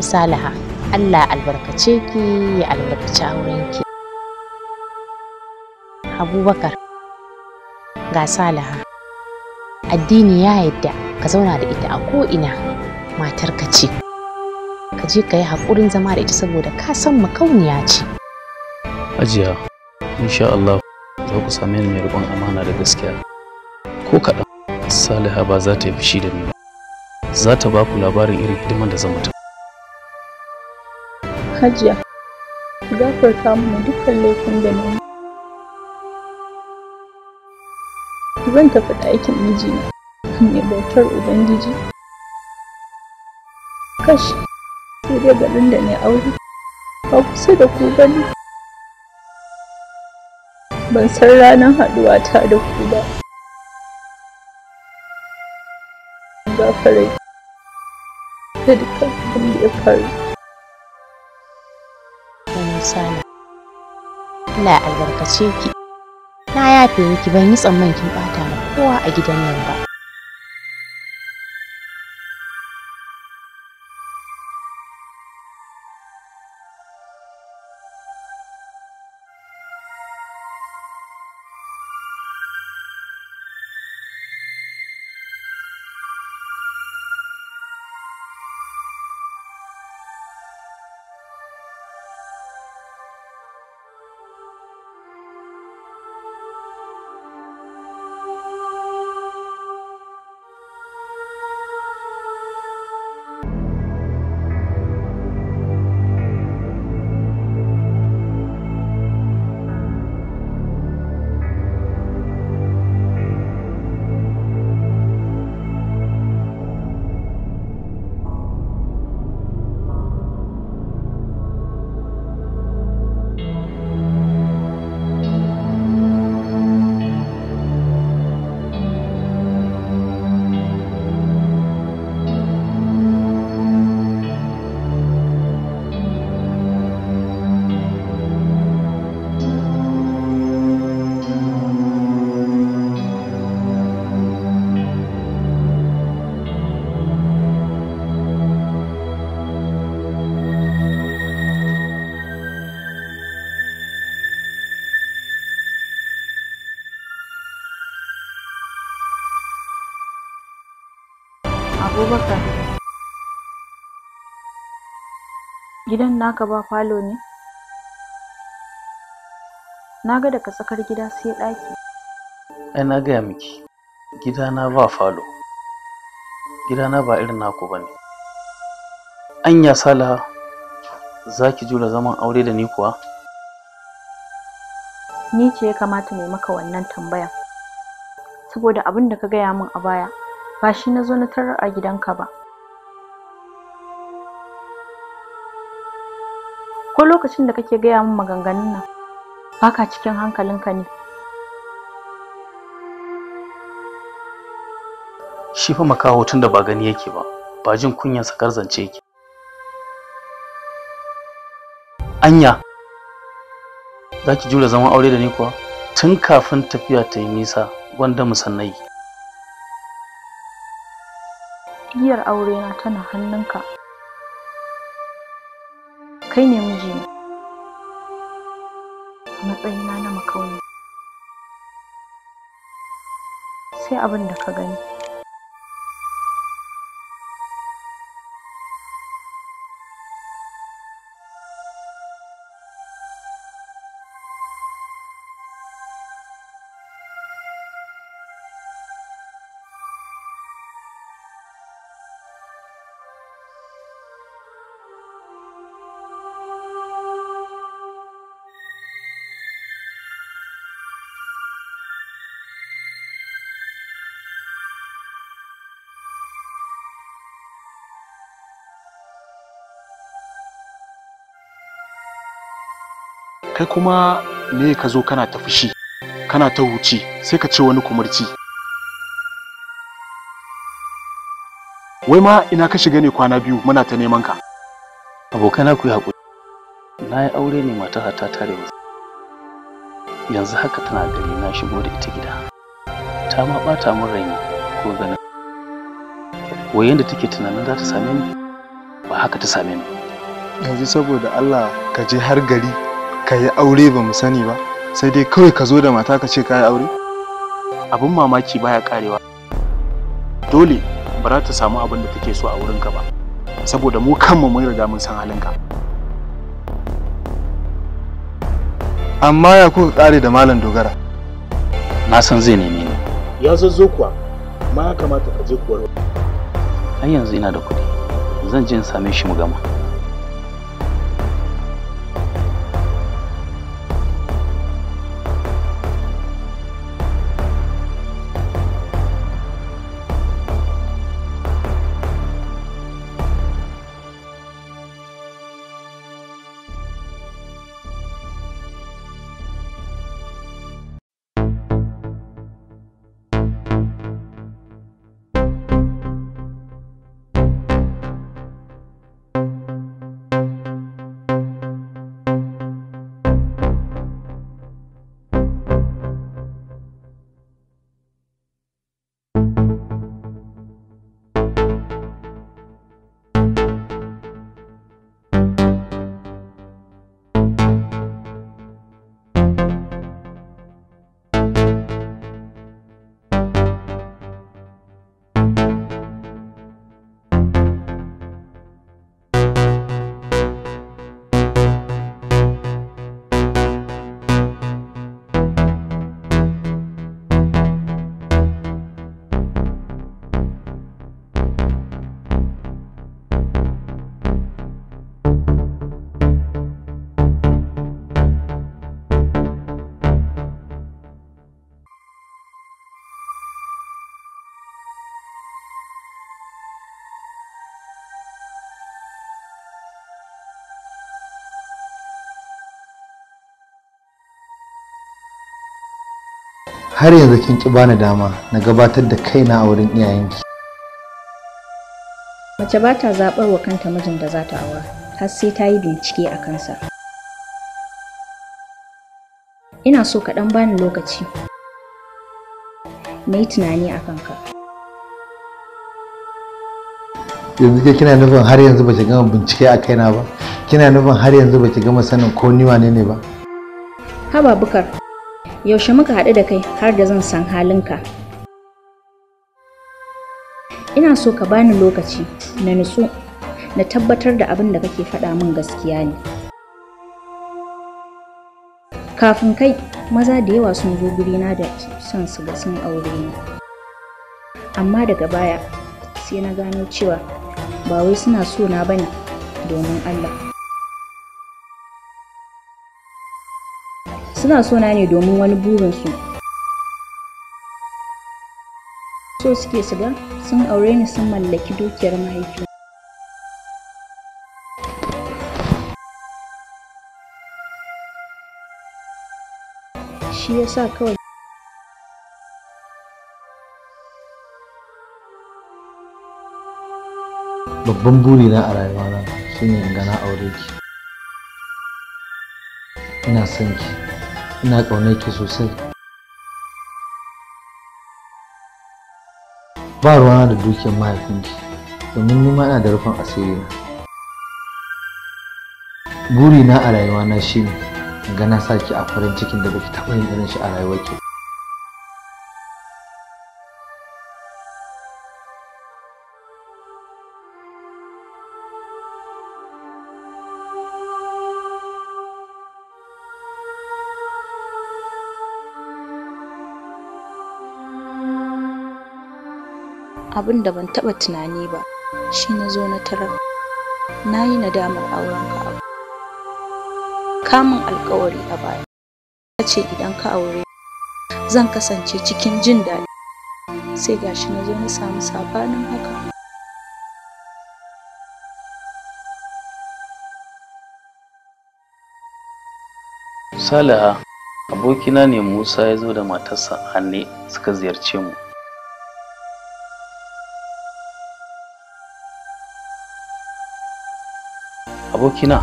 Salaha, Allah albarkace ki ya albarkaci aurenki. Abubakar ga Salaha, addini ya yadda ka zauna da ita a ko'ina matarka ce. Ka je ka yi haƙurin zama da ita saboda ka san makauniya ce. Ajiya, insha Allah za ku same ni mai riƙon amana da gaskiya. Ko kaɗan, Salaha ba za ta yi fushi da ni ba. Za ta ba ku labarin irin hidimar da zan mata. Hajiya, ku gafarta mu dukkan laifin da na yi. Zan tafi ɗakin mijina, ne bautar Ubangiji. Kash, sai dai garin da ne aure, ba kusa da ku bane. Ban san ranar haɗuwa ta da ku ba. Gafarai, da dukkan abin da ya faru. sana Allah albarkace ki. Na yafe miki ban yi tsammanin kin bata ma kowa a gidan nan ba. Gidan naka ba falo ne? Naga ga daga tsakar gida sai ɗaki. Ai na gaya miki, gidana ba falo. Gidana ba irin naku ba ne. Anya sala za ki jura zaman aure da ni kuwa? Ni ce ya kamata ne maka wannan tambaya. Saboda abin da ka gaya min a baya, ba shi na zo na tarar a gidanka ba. ko lokacin da kake gaya min maganganun nan baka cikin hankalinka ne shi fa makaho tun da ba gani yake ba ba jin kunyan sakar zance yake anya za ki jure zaman aure da ni kuwa tun kafin tafiya ta yi nisa gwanda musannai iyar aure na tana hannunka kai ne abin da ka gani kai kuma me ka zo kana ta fushi kana ta huce sai ka ce wani kumurci wai ma ina ka shiga ne kwana biyu muna ta neman ka abokana ku yi haƙuri na yi aure ne mata ta tare mu yanzu haka tana gari na shigo da ita gida ta ma ɓata min rai ko ganin wai yadda take tunanin za ta same ni ba haka ta same ni yanzu saboda Allah ka je har gari ka yi aure ba mu sani ba sai dai kawai ka zo da mata ka ce ka yi aure abin mamaki baya karewa dole ba za ta samu abin da take so a wurinka ba saboda mu kanmu mun riga mun san halinka amma ya kuka kare da malam dogara na san zai neme ni ya zazzo kuwa ma ya kamata ka je kuwa ai yanzu ina da kuɗi zan je in same shi mu gama har yanzu kin ki bani dama na gabatar da kaina a wurin iyayenki mace ba ta zaɓar wa kanta mijin da za ta aura har sai ta yi bincike a kansa ina so ka ɗan bani lokaci na yi tunani a kanka yanzu ke kina nufin har yanzu ba ki gama bincike a kaina ba kina nufin har yanzu ba ki gama sanin ko ni wane ne ba haba bukar yaushe muka haɗu da kai har da zan san halinka ina so ka bani lokaci na nutsu na tabbatar da abin da kake faɗa min gaskiya ne kafin kai maza da yawa sun zo gurina da son su ga sun aure ni amma daga baya sai na gano cewa ba wai suna so na bane domin allah suna sona na ne domin wani burinsu so suke su sun aure ni sun mallaki dukiyar mahaifi shi sa kawai babban burina a rayuwana shine in ga na aure ki ina son ki ina ƙaunar ki sosai ba ruwana da dukiyar mahaifinki domin nima ina da rufin asiri na burina a rayuwana shine ga na saki a farin cikin da baki taɓa yin irin shi a rayuwarki abin da ban taɓa tunani ba shi na zo na tarar na yi nadamar auren ka abu kamun alkawari a baya ya ce idan ka aure zan kasance cikin jin daɗi sai gashi na zo na samu sabanin haka Salaha abokina ne Musa ya zo da matarsa Anne suka ziyarce mu abokina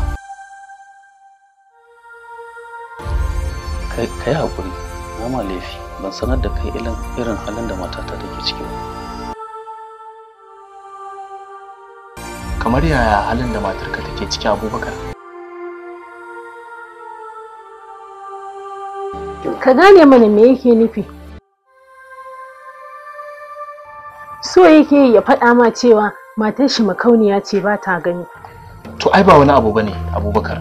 ka yi haƙuri na malefi laifi ban sanar da kai irin halin da matata take ciki ba kamar yaya halin da matarka take ciki abubakar ka gane mana me yake nufi so yake ya faɗa ma cewa matar shi makauniya ce ba ta gani to ai ba wani abu bane abubakar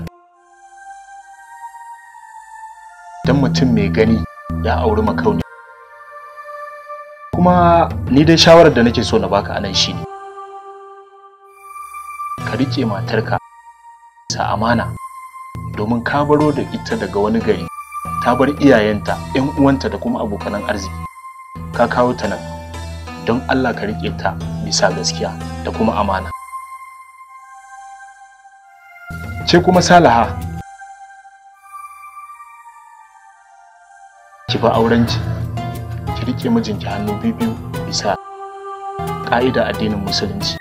dan mutum mai gani ya auri makauni kuma ni dai shawarar da nake so na baka anan shine ka rike matarka sa amana domin ka baro da ita daga wani gari ta bar iyayenta yan uwanta da kuma abokanan arziki ka kawo ta nan don allah ka rike ta bisa gaskiya da kuma amana ce kuma salaha ki fa aurenki ki rike mijinki hannu biyu bisa ka'ida addinin musulunci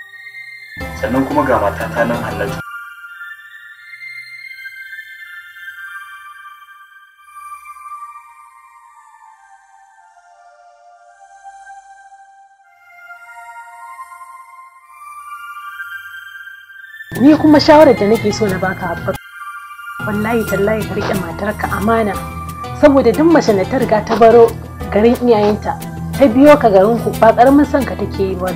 sannan kuma ga matata nan hallatu ni kuma shawarar da nake so na baka abba wallahi tallahi ka rike matarka amana saboda duk mace na ta ta baro garin iyayenta ta biyo ka garin ku ba karamin son ka take yi ba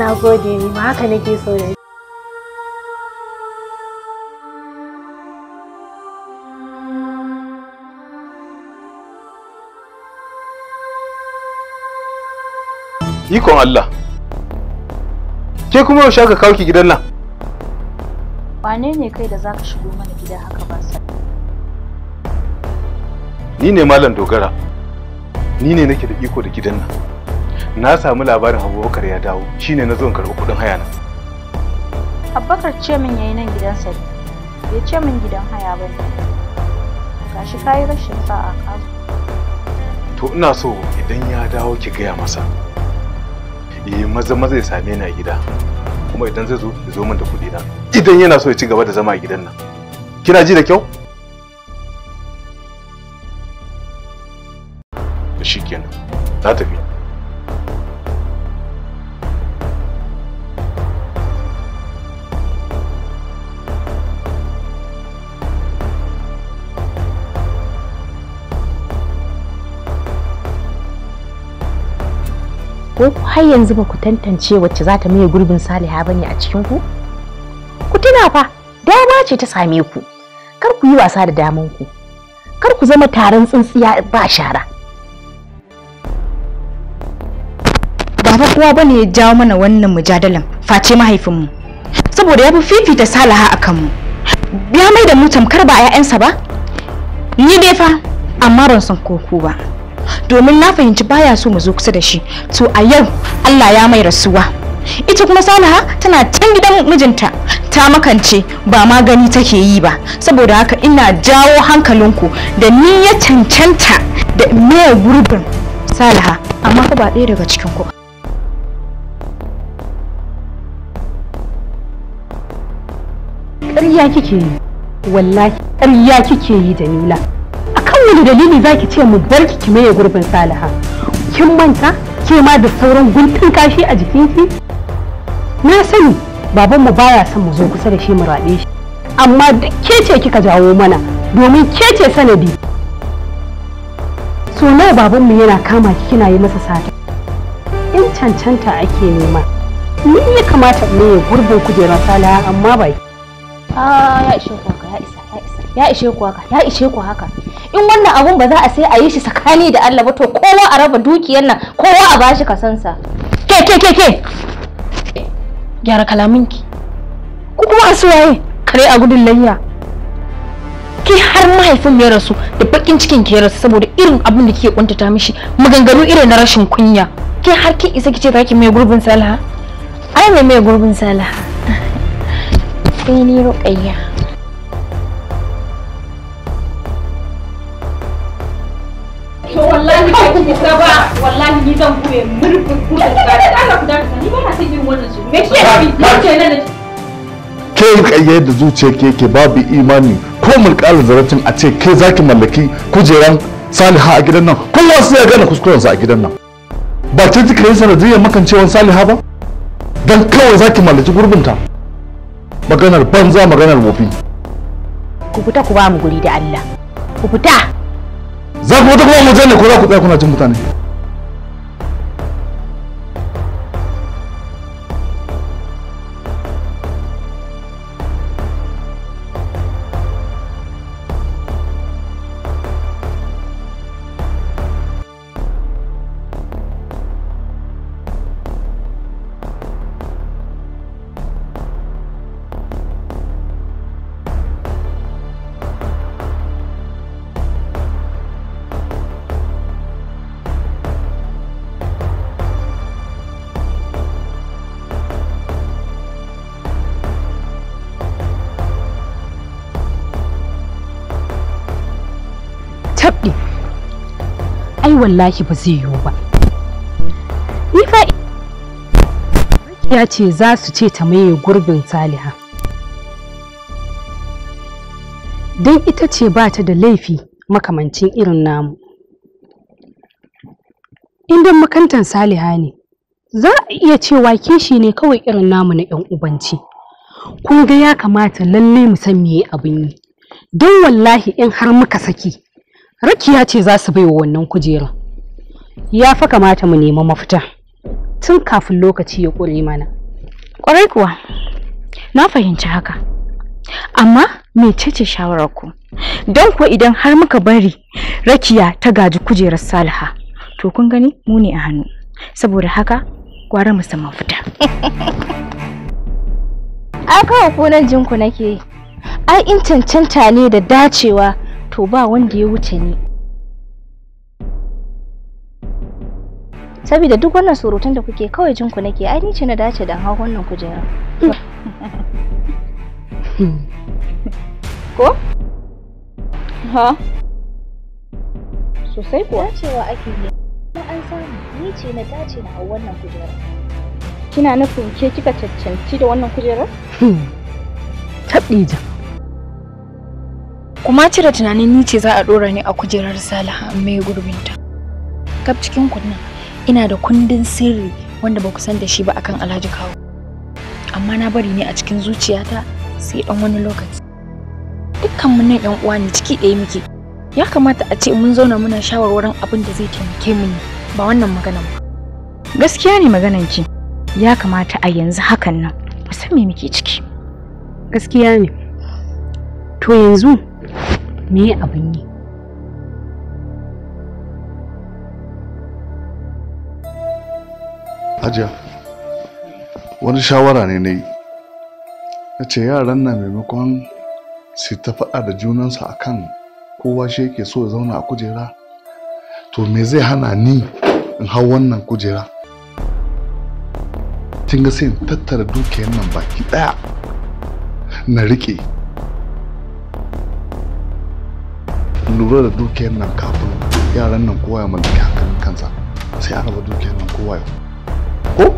na gode ni ma haka nake so da Ikon Allah Ke kuma yaushe aka kawo ki gidan nan? Wane ne kai da zaka shigo mana gida haka ba sa? Ni ne Malam Dogara. Ni ne nake da iko da gidan nan. Na samu labarin Abubakar ya dawo, shine na zo in karɓi kuɗin haya na. Abubakar ce min yayi nan gidansa. Bai ce min gidan haya ba ne. Gashi kayi rashin sa'a ka To ina so idan ya dawo ki gaya masa. Eh maza maza ya same ni a gida. kuma idan zai zo ya zo min da kuɗi na idan yana so ya ci gaba da zama a gidan nan kina ji da kyau shi na tafi har yanzu ba ku tantance wacce za ta maye gurbin saliha bane a cikin ku ku tuna fa dama ce ta same ku kar ku yi wasa da daman ku kar ku zama taron tsintsiya ba shara ba kuwa bane ya jawo mana wannan mujadalan face mahaifinmu saboda ya fi fifita saliha a kanmu ya mai da mu tamkar ba 'ya'yansa ba ni dai fa amma ban son koko ba domin na fahimci baya so mu zo kusa da shi to a yau Allah ya mai rasuwa ita kuma salaha tana can gidan mijinta ta makance ba magani take yi ba saboda haka ina jawo hankalinku da ni ya cancanta da mai gurbin salaha amma ku ba ɗaya daga cikin ku ƙarya kike yi wallahi ƙarya kike yi nila akan wani dalili za ki ce mu bar ki maye gurbin Saliha kin manta ke ma da sauran guntun kashi a jikinki na sani babanmu baya son mu zo kusa da shi mu raɗe shi amma duk ke ce kika jawo mana domin ke ce sanadi so nawa babanmu yana kama ki kina yi masa sata in cancanta ake nema ni ya kamata in maye gurbin kujerar Saliha amma bai a ah, ya ishe ku haka ya ishe ku haka ya ishe ku haka in wannan abun ba za a sai a yi shi tsakani da Allah ba to kowa a raba dukiyar nan kowa a bashi kasansa ke ke ke ke gyara kalaminki ku kuma a waye kare a gudun layya ki har mahaifin ya rasu da bakin cikin ki ya rasu saboda irin abin da kike kuntata mishi maganganu irin na rashin kunya ki har kin isa kice zaki mai gurbin salaha ai mai mai gurbin salaha sai ni roƙayya wallahi ba ki isa ba wallahi ni zan buye murfin ku da tsari Allah ku dakata ni ba na son wannan su me ke yi ke nan ke yi kayyar da zuciyar ke ke babu imani ko mulkalar zaratin a ce ke zaki mallaki kujeran saliha a gidan nan kowa sai ya gane kuskurensa a gidan nan ba ta ji kai sanadiyyar makancewan saliha ba don kawai zaki mallaki gurbinta maganar banza maganar wofi ku fita ku ba mu guri da Allah ku fita za ku wata kuma mutane ko za ku tsaya kuna cin mutane wallahi ba zai yiwu ba ni fa ya ce za su ce ta maye gurbin saliha Dan ita ce ba ta da laifi makamancin irin namu indan makantan saliha ne za a iya cewa kishi ne kawai irin namu na 'yan ubanci kun ga ya kamata lalle mu san me abin yi Dan wallahi in har muka saki rakiya ce za su baiwa wannan kujerun. ya fa kamata mu nemi mafita tun kafin lokaci ya ƙure mana ƙwarai kuwa na fahimci haka amma mecece ku don kuwa idan har muka bari rakiya ta gaji kujerar Saliha, to kun gani mu a hannu saboda haka gwara mu sama fita ai kawai kunan jinku nake yi ai in cancanta ne da dacewa to ba wanda ya wuce ni saboda duk wannan surutun da kuke kawai jin ku nake ai ni ce na dace da hau wannan kujera ko ha sosai kuwa cewa ake ne kuma an samu ni ce na dace da hau wannan kujera kina nufin ke kika cancanci da wannan kujerar? Hmm. ja kuma cire tunanin ni ce za a dora ni a kujerar salaha mai gurbinta kaf cikin kunnan ina da kundin sirri wanda ba ku san da shi ba akan alhaji kawo amma na bari ne a cikin zuciyata sai dan wani lokaci dukkan mun nan yan uwa ne ciki ɗaya muke ya kamata a ce mun zauna muna shawarwarin abin da zai taimake mu ne ba wannan magana ba gaskiya ne maganan ki ya kamata a yanzu hakan nan san me muke ciki gaskiya ne to yanzu me abin yi Hajiya, wani shawara ne na yi, na ce yaran na maimakon su ta faɗa da junansa a kan kowa shi yake so ya zauna a kujera, to me zai hana ni in hau wannan kujera? Kin ga sai tattara dukiyar nan baki ɗaya na riƙe. lura da dukiyar nan kafin yaran nan kowa ya mallaki hankalin kansa sai a raba dukiyar nan kowa ya ko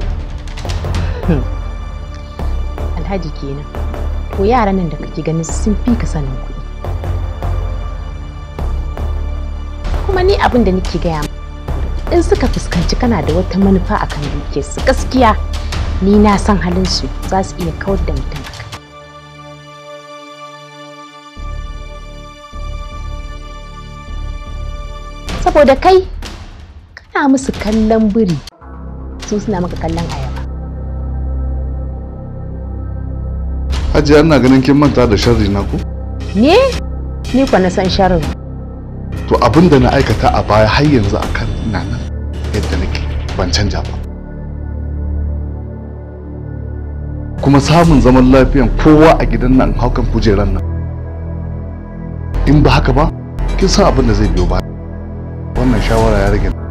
alhaji kenan to yaran nan da kake ganin sun fi ka sanin kuɗi kuma ni abin da nake gaya in suka fuskanci kana da wata manufa akan dukiyarsu gaskiya ni na san halin su za su iya kawar da mutum saboda kai kana musu kallon biri su suna maka kallon ayaba hajiya ina ganin kin manta da sharri na ku ne ni kwa na san sharri to abin da na aikata a baya har yanzu akan ina nan yadda nake ban canja ba kuma samun zaman lafiyan kowa a gidan nan haukan kujeran nan in ba haka ba kin san abin da zai biyo ba me echaba de alguien.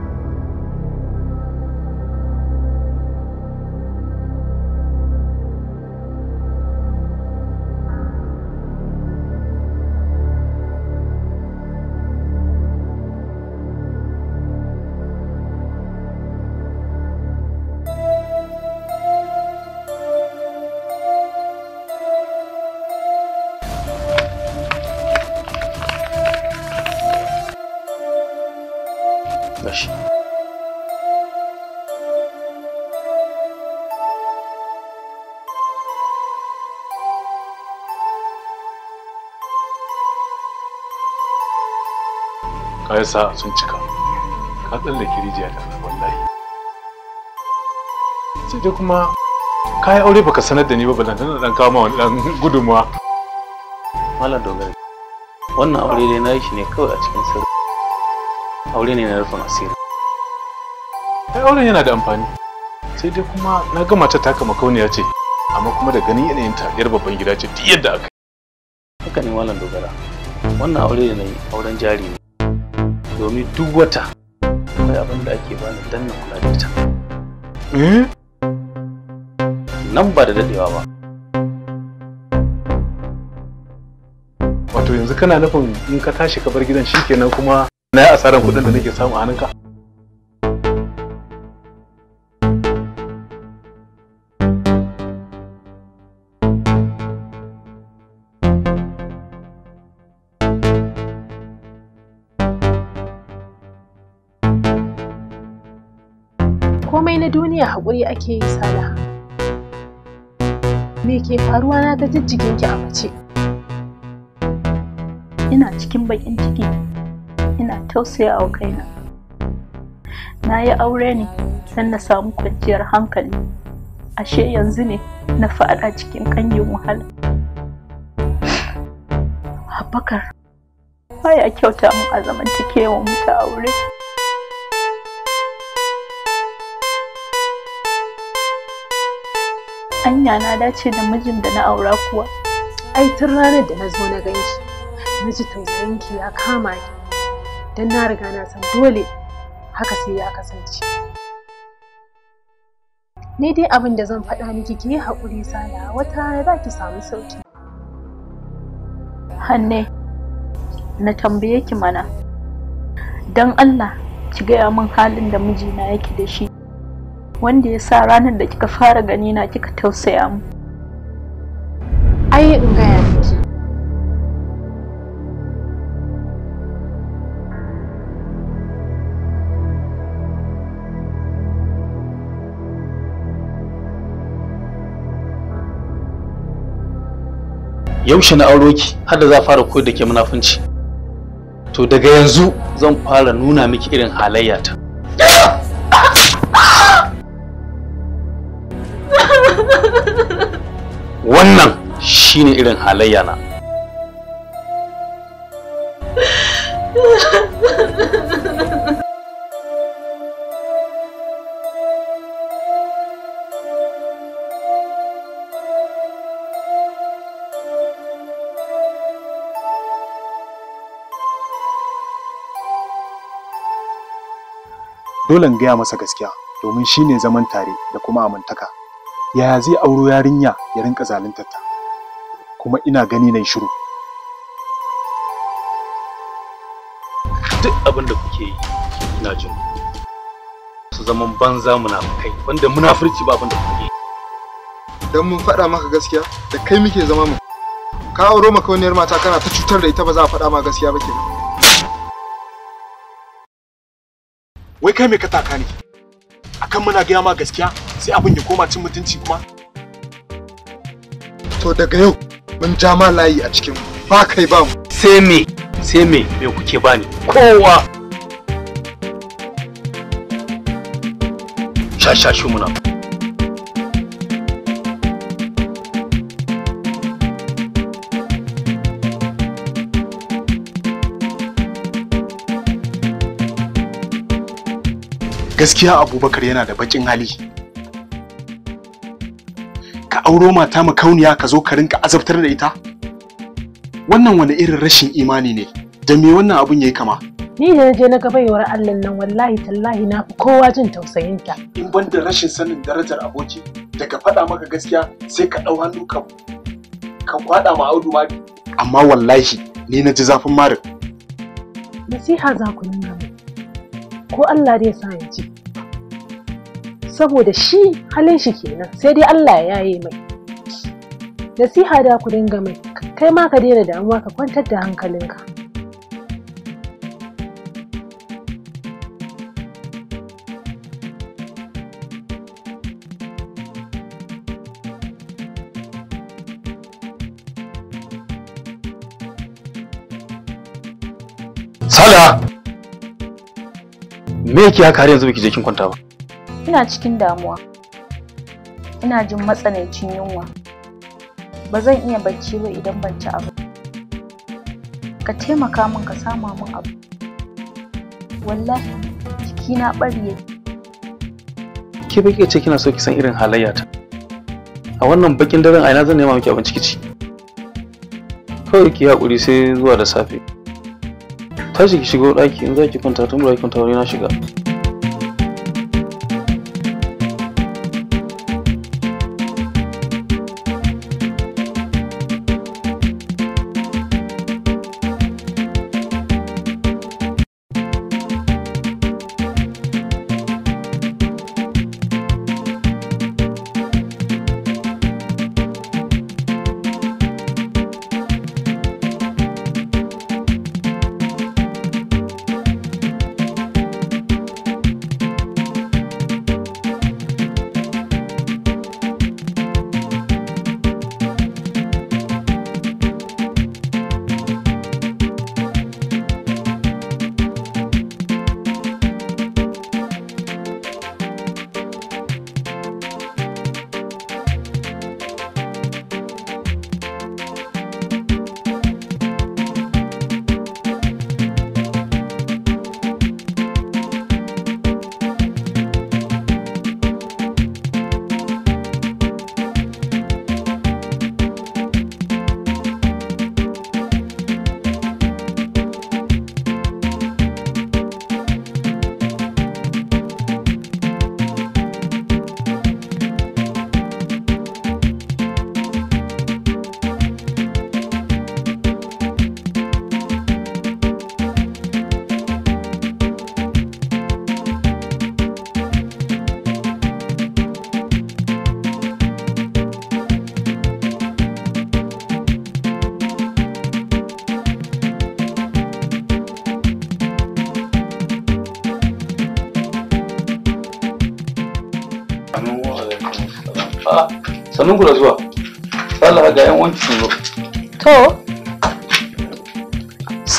sa sun cika ka tsallake rijiya da wallahi sai dai kuma yi aure baka sanar da ni ba na dan kawo ma wani dan gudunmuwa malam dogara wannan aure dai na yi shi ne kawai a cikin sirri aure ne na rufin asiri ai auren yana da amfani sai dai kuma na ga mata taka makauniya ce amma kuma da ganin yanayin ta yar babban gida ce duk yadda aka haka ne malam dogara wannan aure ne auren jari ne domin duk wata akwai abin da ake bani dan na kula da ita eh? nan ba da dadewa ba wato yanzu kana nufin in ka tashi ka bar gidan shikenan kuma na yi asarar kuɗin da nake samu a hannunka duniya haƙuri ake yi sala me ke faruwa na ta ki a mace ina cikin baƙin ciki ina tausaya wa kaina na yi aure ne don na samu kwanciyar hankali ashe yanzu ne na faɗa cikin ƙangin wahala abubakar baya kyauta mu a zamantakewa mu ta aure anya na dace da mijin da na aura kuwa ai tun ranar da na zo na ganki na ji ki ya kama ni don na riga na san dole haka sai ya kasance ni dai abin da zan faɗa miki ki yi hakuri sana, wata rana za ki samu sauki hanne na tambaye ki mana don allah ki gaya min halin da mijina yake da shi wanda ya sa ranar da kika fara gani na kika tausaya mu ai in gaya miki yaushe na auro ki har da za fara koyar da ke munafunci to daga yanzu zan fara nuna miki irin halayyata wannan shine irin halayya na dole in gaya masa gaskiya domin shine zaman tare da kuma amintaka yaya zai auro yarinya ya rinka zaluntar ta kuma ina gani na shiru duk abin da kuke yi ina jin su zaman banza munafukai wanda munafurci ba abin da kuke yi dan mun faɗa maka gaskiya da kai muke zama mu ka auro maka wani mata kana ta cutar da ita ba za a faɗa ma gaskiya ba kenan wai kai me ka taka ni? akan muna gaya ma gaskiya sai abin ya koma cin mutunci kuma to daga yau mun ja ma layi a cikin ba kai ba mu sai me sai me me kuke bani kowa shi muna gaskiya abubakar yana da baƙin hali auro mata makauniya ka zo ka rinka azabtar da ita wannan wani irin rashin imani ne da me wannan abun yayi kama ni da je na ga baiwar Allah nan wallahi tallahi na fi kowa jin tausayinta in ban da rashin sanin darajar aboki daga faɗa maka gaskiya sai ka ɗau hannu ka ka kwada ma audu ma amma wallahi ni na ji zafin marin nasiha za ku nuna ko Allah dai sa ya ji saboda shi halin shi kenan sai dai Allah ya yi mai nasiha da ku dinga mai kai ma ka daina damuwa ka kwantar da hankalinka Sala! Me yake haka har yanzu biki je kin kwanta ba? ina cikin damuwa ina jin matsanancin yunwa ba zan iya bacci ba idan ban ci abu ka taimaka min ka sama min abu wallahi jikina ɓarye ke baki ce kina so ki san irin halayya ta a wannan bakin daren a ina zan nema miki abinci kici kawai ki hakuri sai zuwa da safe tashi ki shigo ɗaki in za ki kwanta tun ba ki kwanta wani na shiga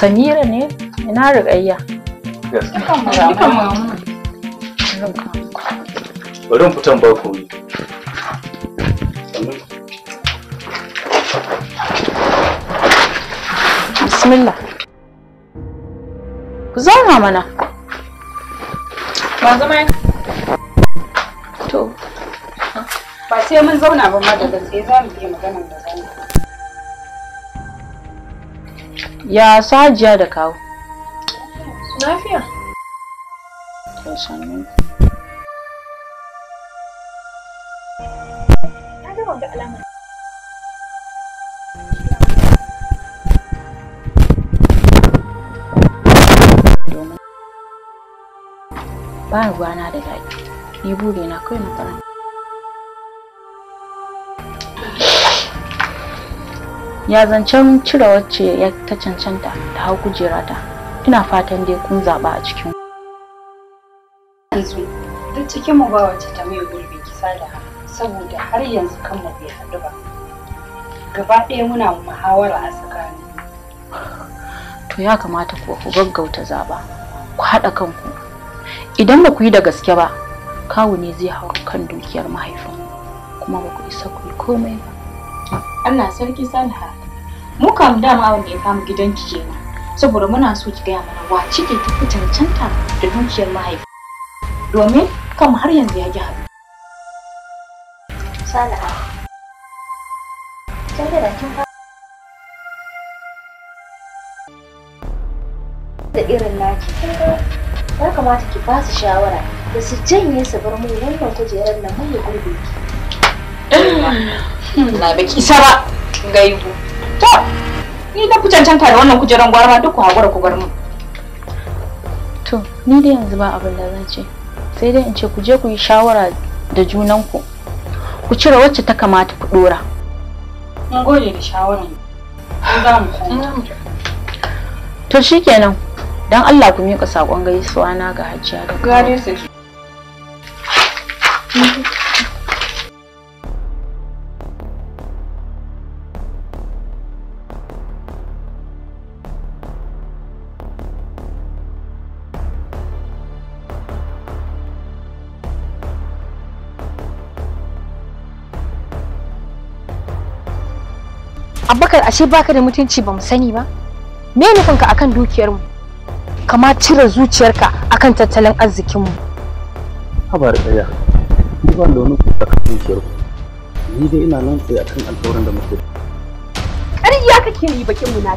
samira ne ina rigayya bari in fitan ba ku bismillah ku zauna mana ba zama to ba sai mun zauna ba ma da gaske za mu yi magana da zauna ya sajiya da kawo lafiya ba ruwana da daɗi ni bude na kai na ya zancen cire wacce ya ta cancanta ta hau kujerata ina fatan dai kun zaba a cikin yanzu duk cikin mu ba wacce ta mai gurbi kisa da saboda har yanzu kan mu bai haɗu ba gaba ɗaya muna muhawara a tsakani to ya kamata ku ku gaggauta zaba ku haɗa kanku idan ba ku yi da gaske ba kawu ne zai hau kan dukiyar mahaifin kuma ba ku isa ku yi komai ba Allah sarki Salha mu kam dama abin da ya kama gidanki kenan saboda muna so ki gaya mana wa cike ta fi cancanta da dukiyar mahaifi domin kam har yanzu ya yi haɗu. Sala'a, kin da kin da irin naki ya kamata ki ba su shawara da su janye su bar mu wannan kujerar nan mai gurbe ki. Na baki sara gaibu. to ni na fi cancanta da wannan kujeran gwarma duk ku haƙura ku garmu. to ni da yanzu ba abin da zan ce sai dai in ce ku je ku yi shawara da junanku ku cire wacce ta kamata ku dora mun gode da shawaran za mu koma to shikenan dan Allah ku miƙa saƙon gaisuwa na ga Hajiya da Gare su abubakar ashe baka da mutunci ba mu sani ba me nufinka akan dukiyarmu kama cire zuciyarka akan tattalin arzikinmu habar daya ni ban da wani kuka kan dukiyar ni dai ina nan tsaye akan alƙawarin da muke ƙarya kake yi bakin na,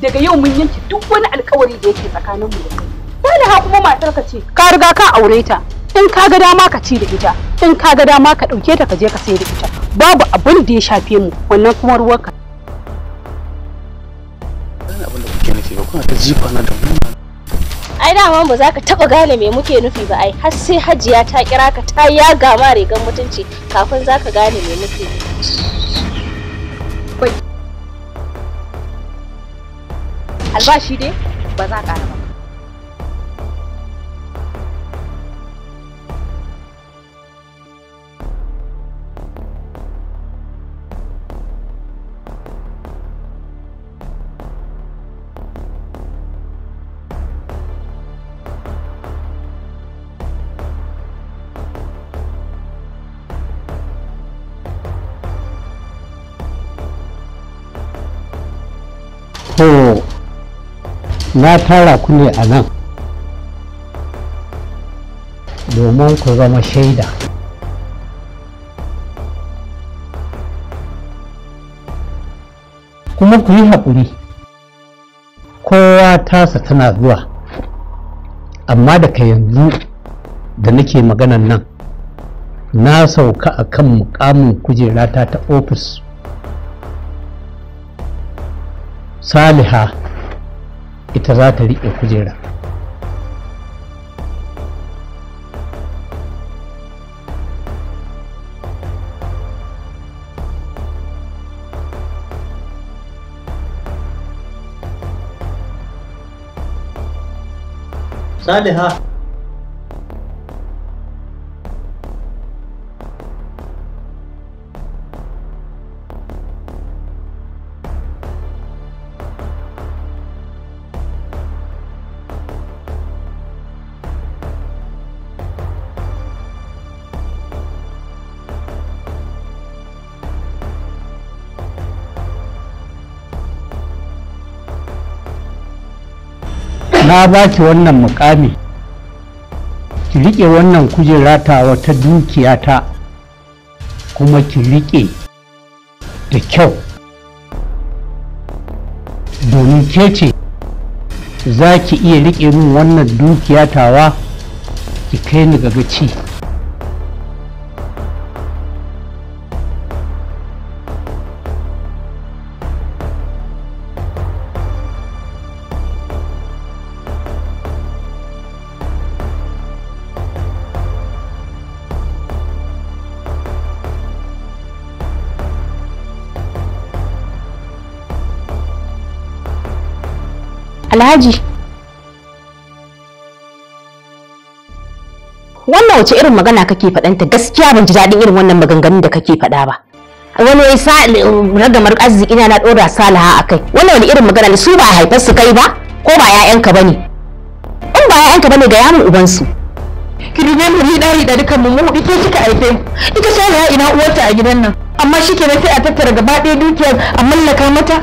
daga yau mun yanke duk wani alƙawari da yake tsakaninmu da kai Saliha kuma matarka ce ka riga ka aure ta in ka ga dama ka ci da ita in ka ga dama ka ɗauke ta ka je ka sai da ita babu abin da ya shafe mu wannan kuma ruwanka ta jifa na da muna ai dama ba za ka taba gane me muke nufi ba ai har sai hajiya ta kira ka ta ya gama rigan mutunci kafin za ka gane me muke nufi albashi dai ba za ka ba to na tara ku ne a nan domin ku zama shaida kuma ku yi haƙuri kowa tasa tana zuwa amma daga yanzu da nake maganan nan na sauka a kan mukamin kujerata ta ofis saliha ita za ta riƙe kujera saliha na ba ki wannan mukami ki riƙe wannan kujera ta wata dukiya ta kuma ki riƙe da kyau domin ke ce za ki iya riƙe min wannan dukiya tawa ki kai ni gaga ci alhaji wannan wace irin magana kake faɗanta gaskiya ban ji daɗin irin wannan maganganun da kake faɗa ba wani ya sa ragamar arziki na na ɗora salaha a kai wannan wani irin magana ne su ba haifar su kai ba ko ba 'ya'yanka ba ne in ba 'ya'yanka ba ne ga yamin ubansu ki dube mu ni ɗari da dukan mu mu ita kika aife mu ita sai ina uwarta a gidan nan amma shikenan sai a tattara gaba ɗaya dukiyar a mallaka mata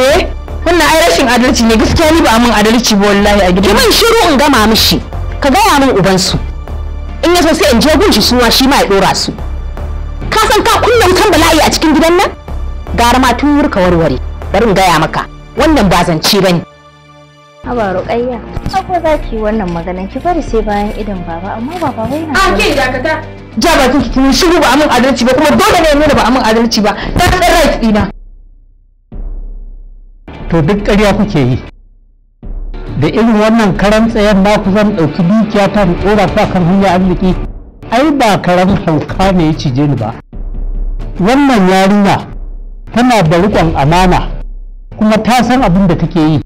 eh wannan ai rashin adalci ne gaskiya ni ba mun adalci ba wallahi a gidan mun shiru in gama mishi ka gaya min uban su in yaso sai in je gun shi suwa shi ma ya dora su ka san ka kunna wutan bala'i a cikin gidan nan gara ma tun wurka warware bari in gaya maka wannan ba zance ne. Aba roƙayya, ko za ki wannan maganan ki bari sai bayan idan baba amma baba wai na. Ake ke dakata. Ja ba kiki kin shiru ba amin adalci ba kuma dole ne nuna ba amin adalci ba. Ta ɗan rai dina. to duk ƙarya kuke yi da irin wannan karan tsayen na ku zan ɗauki dukiya ta ɗora ku kan hanya arziki ai ba karan hauka ne ya cije ni ba wannan yarinya tana da riƙon amana kuma ta san abin da take yi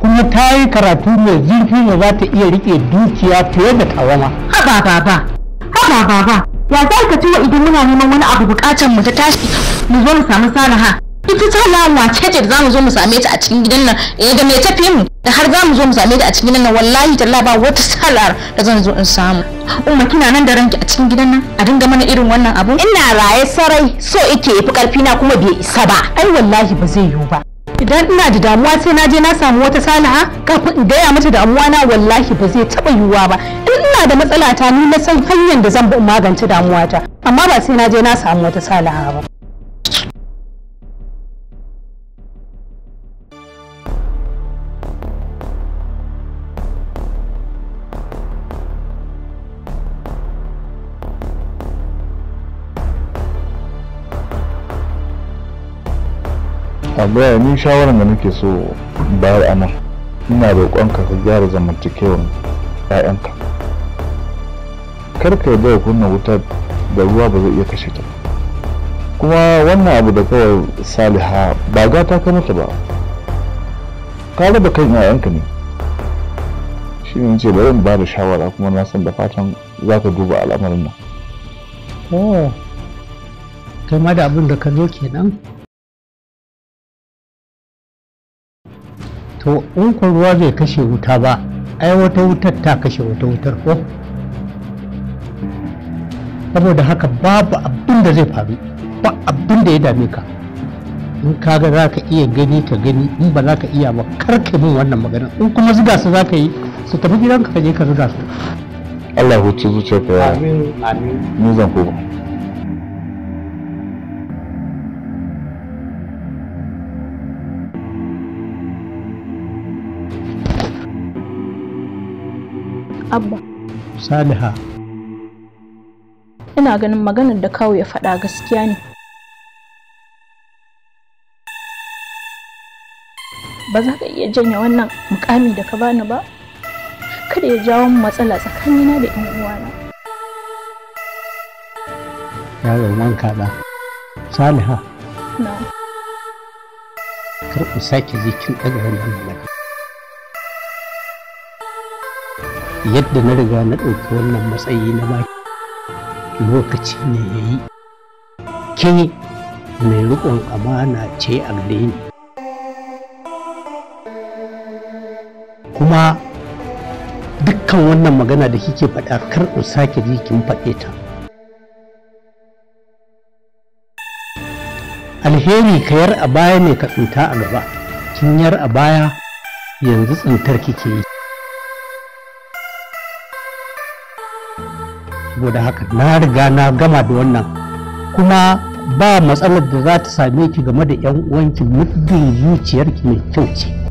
kuma ta yi karatu mai zurfi ne za ta iya riƙe dukiya fiye da tawama. Haba baba, haba baba, ya za ka wa idan muna neman wani abu buƙatar mu ta tashi mu zo mu samu salaha. duk ta lawa ce da zamu zo mu same ta a cikin gidan nan eh da me tafi mu da har zamu zo mu same ta a cikin gidan nan wallahi talla ba wata salar da zan zo in samu umma kina nan da ranki a cikin gidan nan a dinga mana irin wannan abu ina raye sarai so yake yafi karfi na kuma bai isa ba ai wallahi ba zai yiwu ba idan ina da damuwa sai na je na samu wata salaha kafin in gaya mata damuwa na wallahi ba zai taba yiwuwa ba in ina da matsala ta ni na san hanyar da zan bi magance damuwata amma ba sai na je na samu wata salaha ba tambaya ni shawaran da nake so bayar a nan ina roƙon ka gyara zamantakewar ƴaƴanka kar ka yarda ya kunna wuta da ruwa ba zai iya kashe ta kuma wannan abu da kawai saliha ba gata ka mata ba ka raba kan ƴaƴanka ne shi ne ce bari in ba da shawara kuma na san da fatan za ka duba al'amarin nan. Oh, kai ma da abin da ka zo kenan. to in ku ruwa zai kashe wuta ba ai wata wutar ta kashe wata wutar ko saboda haka babu abin da zai faru ba abin da ya dame ka in kaga za ka iya gani ka gani in ba za ka iya ba karka min wannan magana in kuma zuga su za ka yi su tafi gidanka ka je ka zuga su Allah huci zuciyarka ya amin amin ni zan koma Abba. Saliha. Ina ganin maganar da kawo ya faɗa gaskiya ne. Ba za ka iya janye wannan mukami da ka bani ba? Kada ya jawo matsala tsakanina da 'yan uwana. Ya wanka kaɗa Saliha. Na. Kar sake jikin ɗaga wannan malaka yadda na riga na ɗauki wannan matsayi na baki lokaci ne ya yi ke mai riƙon amana ce a ni kuma dukkan wannan magana da kike faɗa kar in sake ji kin faɗe ta alheri ka yar a baya ne ka tsinta a gaba kin yar a baya yanzu tsintar kike yi saboda haka na riga na gama da wannan kuma ba matsalar da za ta same ki game da 'yan uwanki muddin zuciyarki mai kyau ce